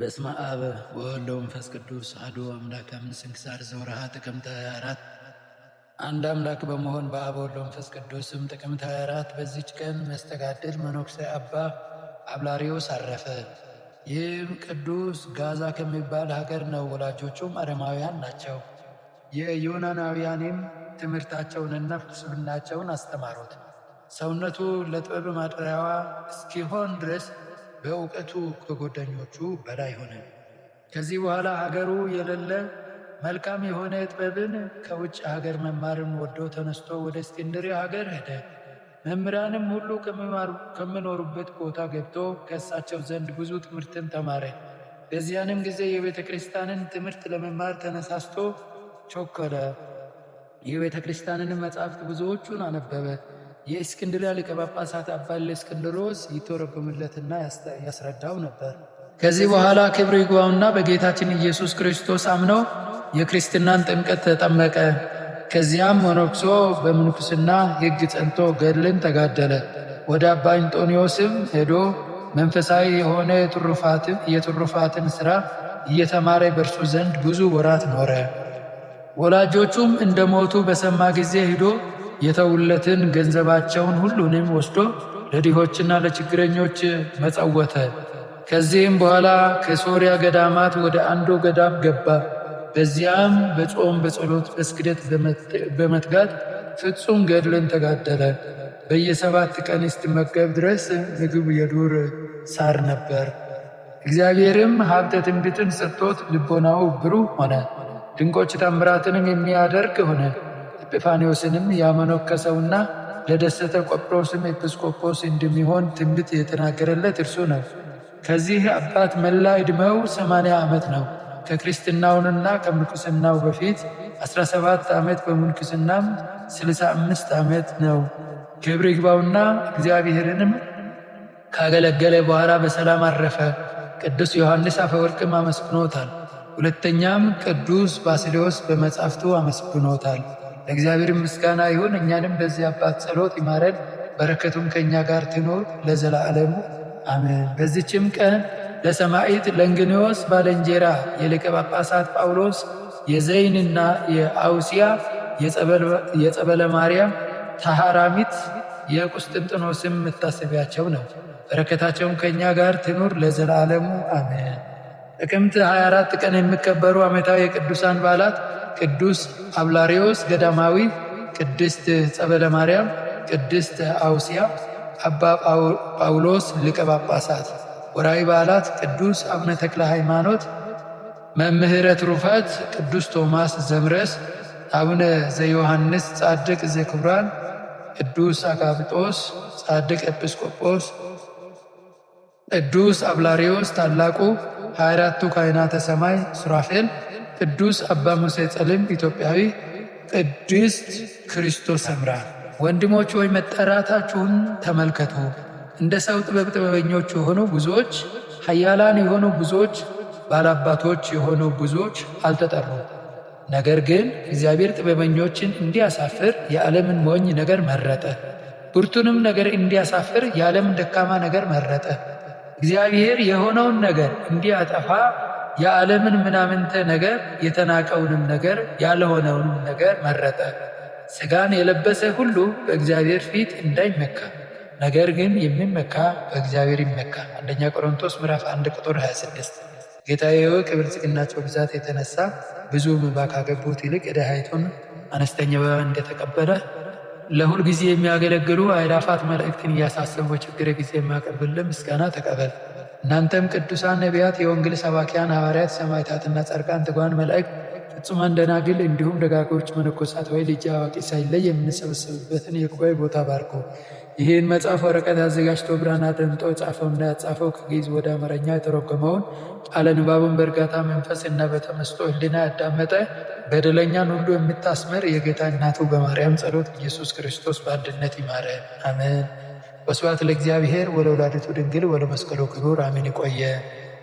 በስመ አብ ወወልድ ወመንፈስ ቅዱስ አሐዱ አምላክ። አምን ስንክሳር ዘወርሃ ጥቅምት 24 አንድ አምላክ በመሆን በአብ ወልድ ወመንፈስ ቅዱስም ጥቅምት 24 በዚች ቀን መስተጋድል መነኩሴ አባ አብላሪዮስ አረፈ። ይህም ቅዱስ ጋዛ ከሚባል ሀገር ነው። ወላጆቹም አረማውያን ናቸው። የዮናናውያንም ትምህርታቸውንና ፍልስፍናቸውን አስተማሩት። ሰውነቱ ለጥበብ ማደሪያዋ እስኪሆን ድረስ በእውቀቱ ከጎደኞቹ በላይ ሆነ። ከዚህ በኋላ ሀገሩ የሌለ መልካም የሆነ ጥበብን ከውጭ ሀገር መማርን ወዶ ተነስቶ ወደ እስክንድርያ ሀገር ሄደ። መምህራንም ሁሉ ከምኖሩበት ቦታ ገብቶ ከእሳቸው ዘንድ ብዙ ትምህርትን ተማረ። በዚያንም ጊዜ የቤተ ክርስቲያንን ትምህርት ለመማር ተነሳስቶ ቸኮለ። የቤተ ክርስቲያንን መጻሕፍት ብዙዎቹን አነበበ። የእስክንድሪያ ሊቀ ጳጳሳት አባል እለእስክንድሮስ ይተረጉምለትና ያስረዳው ነበር። ከዚህ በኋላ ክብር ይግባውና በጌታችን ኢየሱስ ክርስቶስ አምኖ የክርስትናን ጥምቀት ተጠመቀ። ከዚያም ሆኖክሶ በምንኩስና ሕግ ጸንቶ ገድልን ተጋደለ። ወደ አባ አንጦንዮስም ሄዶ መንፈሳዊ የሆነ የትሩፋትን ሥራ እየተማረ በእርሱ ዘንድ ብዙ ወራት ኖረ። ወላጆቹም እንደ ሞቱ በሰማ ጊዜ ሂዶ የተውለትን ገንዘባቸውን ሁሉንም ወስዶ ለድሆችና ለችግረኞች መጸወተ። ከዚህም በኋላ ከሶርያ ገዳማት ወደ አንዱ ገዳም ገባ። በዚያም በጾም በጸሎት በስግደት በመትጋት ፍጹም ገድልን ተጋደለ። በየሰባት ቀን ስትመገብ ድረስ ምግብ የዱር ሳር ነበር። እግዚአብሔርም ሀብተ ትንቢትን ሰጥቶት ልቦናው ብሩህ ሆነ። ድንቆች ታምራትንም የሚያደርግ ሆነ። ኤጲፋንዮስንም ያመነኮሰውና ለደሰተ ቆጵሮስም ኤጲስቆጶስ እንደሚሆን ትንቢት የተናገረለት እርሱ ነው። ከዚህ አባት መላ ዕድሜው ሰማንያ ዓመት ነው። ከክርስትናውንና ከምንኩስናው በፊት 17 ዓመት በምንኩስናም 65 ዓመት ነው። ክብር ይግባውና እግዚአብሔርንም ካገለገለ በኋላ በሰላም አረፈ። ቅዱስ ዮሐንስ አፈወርቅም አመስግኖታል። ሁለተኛም ቅዱስ ባስሌዎስ በመጻሕፍቱ አመስግኖታል። ለእግዚአብሔር ምስጋና ይሁን። እኛንም በዚህ አባት ጸሎት ይማረን፣ በረከቱም ከእኛ ጋር ትኖር ለዘላለሙ አሜን። በዚችም ቀን ለሰማዕት ለንግኔዎስ ባለንጀራ የሊቀ ጳጳሳት ጳውሎስ የዘይንና የአውሲያ የጸበለ ማርያም ታሃራሚት የቁስጥንጥኖስም መታሰቢያቸው ነው። በረከታቸውም ከእኛ ጋር ትኑር ለዘላለሙ አሜን። ጥቅምት 24 ቀን የሚከበሩ ዓመታዊ የቅዱሳን በዓላት ቅዱስ አብላሪዎስ ገዳማዊ፣ ቅድስት ጸበለ ማርያም፣ ቅድስት አውሲያ፣ አባ ጳውሎስ ሊቀ ጳጳሳት። ወራዊ በዓላት ቅዱስ አቡነ ተክለ ሃይማኖት፣ መምህረ ትሩፋት ቅዱስ ቶማስ ዘምረስ፣ አቡነ ዘዮሐንስ ጻድቅ ዘክብራን ቅዱስ አጋብጦስ ጻድቅ ኤጲስቆጶስ፣ ቅዱስ አብላሪዎስ ታላቁ፣ ካይናተ ካህናተ ሰማይ ሱራፌል ቅዱስ አባ ሙሴ ጸሊም ኢትዮጵያዊ፣ ቅድስት ክርስቶስ ሰምራ። ወንድሞች ወይ መጠራታችሁን ተመልከቱ። እንደ ሰው ጥበብ ጥበበኞች የሆኑ ብዙዎች፣ ኃያላን የሆኑ ብዙዎች፣ ባላባቶች የሆኑ ብዙዎች አልተጠሩ። ነገር ግን እግዚአብሔር ጥበበኞችን እንዲያሳፍር የዓለምን ሞኝ ነገር መረጠ። ብርቱንም ነገር እንዲያሳፍር የዓለምን ደካማ ነገር መረጠ። እግዚአብሔር የሆነውን ነገር እንዲያጠፋ የዓለምን ምናምንተ ነገር የተናቀውንም ነገር ያልሆነውንም ነገር መረጠ። ሥጋን የለበሰ ሁሉ በእግዚአብሔር ፊት እንዳይመካ፣ ነገር ግን የሚመካ በእግዚአብሔር ይመካ። አንደኛ ቆሮንቶስ ምዕራፍ 1 ቁጥር 26። ጌታዬ ሆይ ከብልጽግናቸው ብዛት የተነሳ ብዙ መባ ካገቡት ይልቅ የድሃይቱን አነስተኛ መባ እንደተቀበለ ለሁል ጊዜ የሚያገለግሉ አእላፋት መላእክትን እያሳሰቡ ችግረ ጊዜ የማቀርብልን ምስጋና ተቀበል። እናንተም ቅዱሳን ነቢያት፣ የወንጌል ሰባኪያን ሐዋርያት፣ ሰማዕታትና ጻድቃን፣ ትጓን መላእክት፣ ፍጹማን ደናግል፣ እንዲሁም ደጋጎች መነኮሳት ወይ ልጅ አዋቂ ሳይለይ የምንሰበሰብበትን የጉባኤ ቦታ ባርኮ ይህን መጽሐፍ ወረቀት አዘጋጅቶ ብራና ደምጦ የጻፈውና ያጻፈው ከግዕዝ ወደ አማርኛ የተረጎመውን ቃለ ንባቡን በእርጋታ መንፈስ እና በተመስጦ ሕሊና ያዳመጠ በደለኛን ሁሉ የምታስምር የጌታ እናቱ በማርያም ጸሎት ኢየሱስ ክርስቶስ በአንድነት ይማረ አሜን። ወስብሐት ለእግዚአብሔር ወለወላዲቱ ድንግል ወለመስቀሉ ክቡር አሜን። ይቆየ